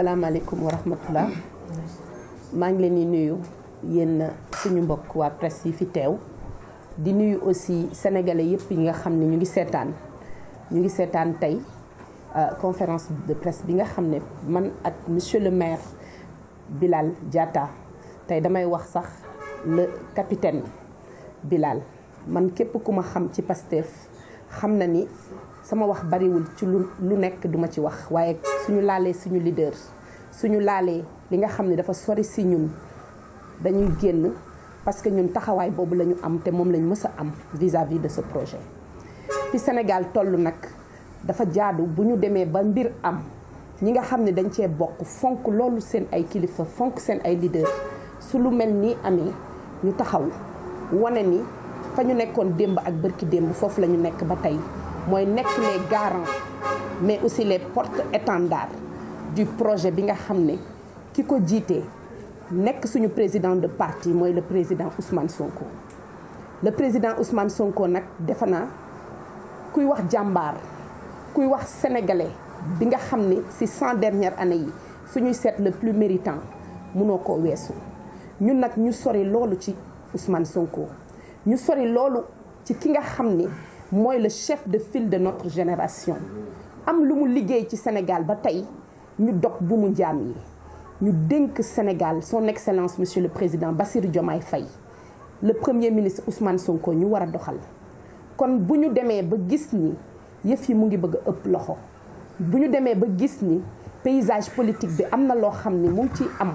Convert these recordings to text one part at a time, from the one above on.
asalaamaaleykum wa rahmatullah maa ngi leen ni nuyu yéen suñu mbokk waa presse yi fi teew di nuyu aussi sénégalais yëpp yi nga xam ne ñu ngi seetaan ñu ngi seetaan tey euh, conférence de presse bi nga xam ne man ak monsieur le maire Bilal Diatta tey damay wax sax le capitaine Bilal man képp ku ma xam ci Pastef xam na ni sama wax bariwul ci lu lu nekk duma ci wax waaye suñu laalee suñu leader suñu laalee li nga xam ne dafa sori si ñun dañuy génn parce que ñun taxawaay boobu la ñu am te moom lañu mës a am vis-à-vis de ce projet fi Sénégal toll nag dafa jaadu bu ñu demee ba mbir am ñi nga xam ne dañ cee bokk fonk loolu seen ay kilifa fonk seen ay leader su lu mel nii amee ñu taxaw wane ni fa ñu nekkoon démb ak bërki démb foofu la ñu nekk ba tey mooy nekk les garants mais aussi les porte-étendards du projet bi nga xam ne ki ko jiitee nekk suñu président de parti mooy le président Ousmane Sonko. le président Ousmane Sonko nag defe naa kuy wax jàmbaar kuy wax sénégalais bi nga xam ni ci cent dernière années yi suñuy seet le plus méritant mënoo koo weesu ñun nag ñu sori loolu ci Ousmane Sonko ñu sori loolu ci ki nga xam ne. mooy le chef de file de notre génération am lu mu liggéey ci Sénégal ba tey ñu dog bu mu njaam yi ñu dénk Sénégal son excellence monsieur le président Bassirou Diomaye Faye le premier ministre Ousmane Sonko ñu war a doxal kon bu ñu demee ba gis ni yëf yi mu ngi bëgg a ëpp loxo bu ñu demee ba gis ni paysage politique bi am na loo xam ni mu ci ciy am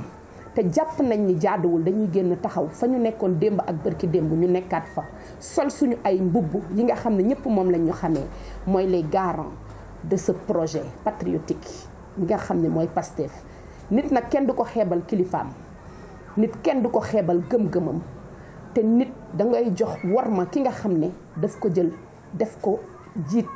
te jàpp nañ ni jaaduwul dañuy génn taxaw fa ñu nekkoon démb ak bërki démb ñu nekkaat fa sol suñu ay mbubb yi nga xam ne ñëpp moom lañ ñu xamee mooy les garants de ce projet patriotique yi nga xam ne mooy Pastef nit nag kenn du ko xeebal kilifaam nit kenn du ko xeebal gëm-gëmam te nit da ngay jox warma ki nga xam ne daf ko jël def ko jiit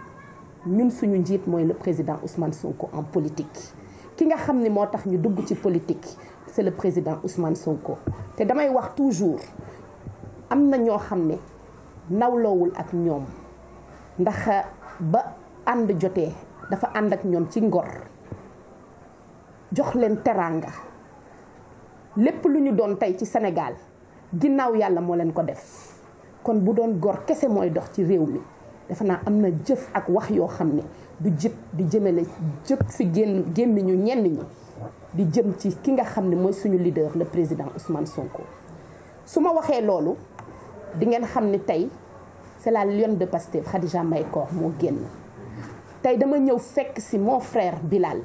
ñun suñu njiit mooy le président Ousmane Sonko en politique ki nga xam ne moo tax ñu dugg ci politique c'est le président Ousmane ko te damay wax toujours am na ñoo xam ne nawloowul ak ñoom ndax euh, ba ànd jotee dafa ànd ak ñoom ci ngor jox leen teraanga lépp lu ñu doon tey ci Sénégal ginnaaw yàlla moo leen ko def kon bu doon gor kese mooy dox ci réew mi defe naa am na jëf ak wax yoo xam ne du jëpp di jëmale jëpp si génn gémmiñu ñenn ñi di jëm ci ki nga xam ne mooy suñu leader le président Ousmane Sonko su ma waxee loolu di ngeen xam ni tey c'est la lionne de Pastef Khadija Mahécor moo génn tey dama ñëw fekk si mon frère Bilal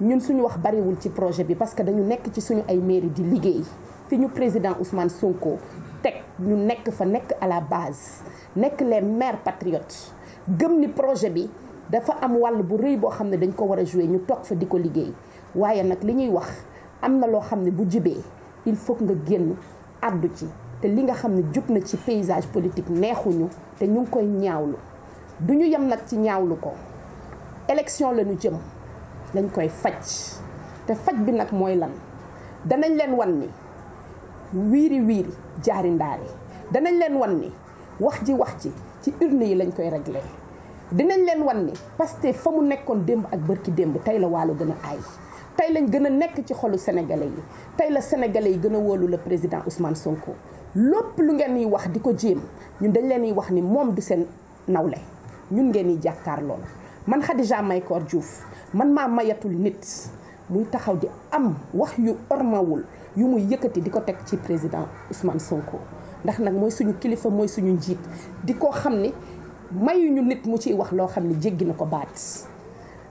ñun suñu wax bariwul ci projet bi parce que dañu nekk ci suñu ay mairie di liggéey fi ñu président Ousmane Sonko teg ñu nekk fa nekk à la base nekk leen maire patriotes gëm ni projet bi dafa am wàll bu rëy boo xam ne dañ ko war a jouer ñu toog fa di ko liggéey waaye nag li ñuy wax am na loo xam ne bu jibee il faut nga génn àddu ci te li nga xam ne jub na ci paysage politique neexuñu te ñu ngi koy ñaawlu du ñu yem nag ci ñaawlu ko élection lañu jëm lañ koy faj te faj bi nag mooy lan danañ leen wan ni wiiri wiiri jaari ndaari danañ leen wan ni wax ji wax ji ci urne yi lañ koy réglé dinañ leen wan ni Pastef fa mu nekkoon démb ak bërki démb tey la waalo gën a ay tey lañ gën a nekk ci xolu sénégalais yi tey la sénégalais yi gën a wóolu le président Ousmane Sonko lépp lu ngeen di wax di ko jéem ñun dañ leen di wax ni moom du seen nawle ñun ngeen di jàkkaar loolu man may Mahécor Diouf man maa mayatul nit muy taxaw di am wax yu ormawul yu muy yëkkati di ko teg ci président Ousmane Sonko ndax nag mooy suñu kilifa mooy suñu njiit di ko xam ni mayuñu nit mu ciy wax loo xam ni jéggi na ko baat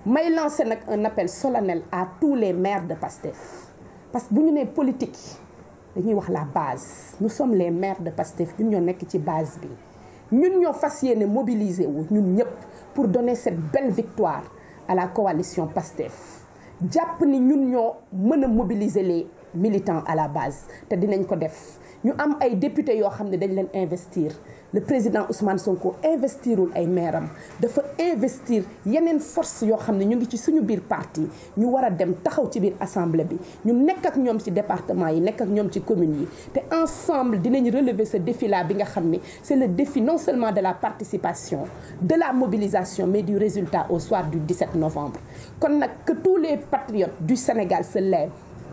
may lancer nag un appel solennel à tous les maires de PASTEF parce que bu ñu nee politique dañuy wax la base nous sommes les maires de PASTEF ñun ñoo nekk ci base bi ñun ñoo fas ne mobiliser wu ñun ñëpp pour donner cette belle victoire à la coalition PASTEF jàpp ni ñun ñoo mën a mobiliser les militant à la base te dinañ ko def ñu am ay député yoo xam ne dañ leen investir le président Ousmane Sonko investirul ay mairam dafa investir yeneen force yoo xam ne ñu ngi ci suñu biir parti ñu war a dem taxaw ci biir assemblée bi ñu nekk ak ñoom ci département yi nekk ak ñoom ci communes yi te ensemble dinañ relever ce défi là bi nga xam ne c'est le défi non seulement de la participation de la mobilisation mais du résultat au soir du 17 novembre kon nag que les patriotes du Sénégal se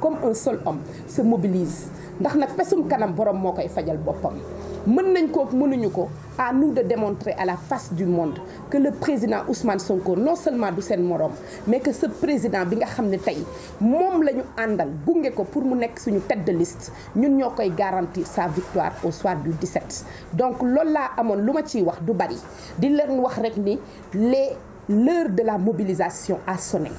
comme un seul homme se mobilise ndax nag pesum kanam borom moo koy fajal boppam mën nañ ko mënuñu ko à nous de démontrer à la face du monde que le président Ousmane Sonko non seulement du seen moroom mais que ce président bi nga xam ne tey moom la ñu àndal gunge ko pour mu nekk suñu tête de liste ñun ñoo koy garantir sa victoire au soir du 17. donc loolu laa amoon lu ma ciy wax du bari di leen wax rek ni les l'heure de la mobilisation à sonné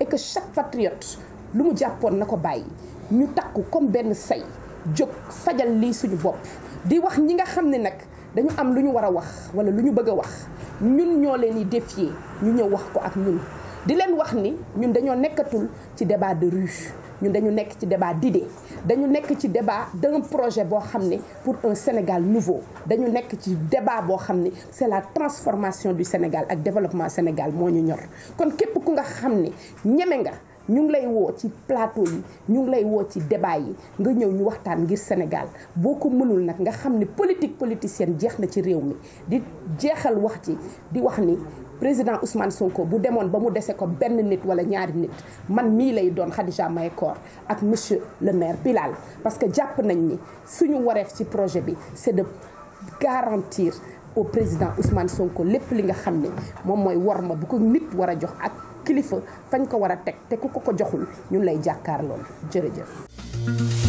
et que chaque patriote. lu mu jàppoon na ko bàyyi ñu takku comme benn say jóg fajal lii suñu bopp di wax ñi nga xam ne nag dañu am lu ñu war a wax wala lu ñu bëgg a wax ñun ñoo leen di défier ñu ñëw wax ko ak ñun di leen wax ni ñun dañoo nekkatul ci débat de rue ñun dañu nekk ci di d'idée dañu nekk ci débat d'un projet boo xam ni pour un Sénégal nouveau dañu nekk ci débat boo xam ne c'est la transformation du Sénégal ak développement Sénégal moo ñu ñor kon képp ku nga xam ne ñeme nga ñu ngi lay woo ci plateau yi ñu ngi lay woo ci débat yi nga ñëw ñu waxtaan ngir Sénégal boo ko mënul nag nga xam ni politique politicienne jeex na ci réew mi di jeexal wax ci di wax ni président Ousmane Sonko bu demoon ba mu desee ko benn nit wala ñaari nit man mii lay doon Khadija Mahécor ak monsieur le maire Bilal parce que jàpp nañ ni suñu wareef ci projet bi c'est de garantir au président Ousmane Sonko lépp li nga xam ni moom mooy worma bu ko nit war a jox ak. kilifa fañ ko war a teg te ku ko ko joxul ñun lay jàkkaar lool jërëjëf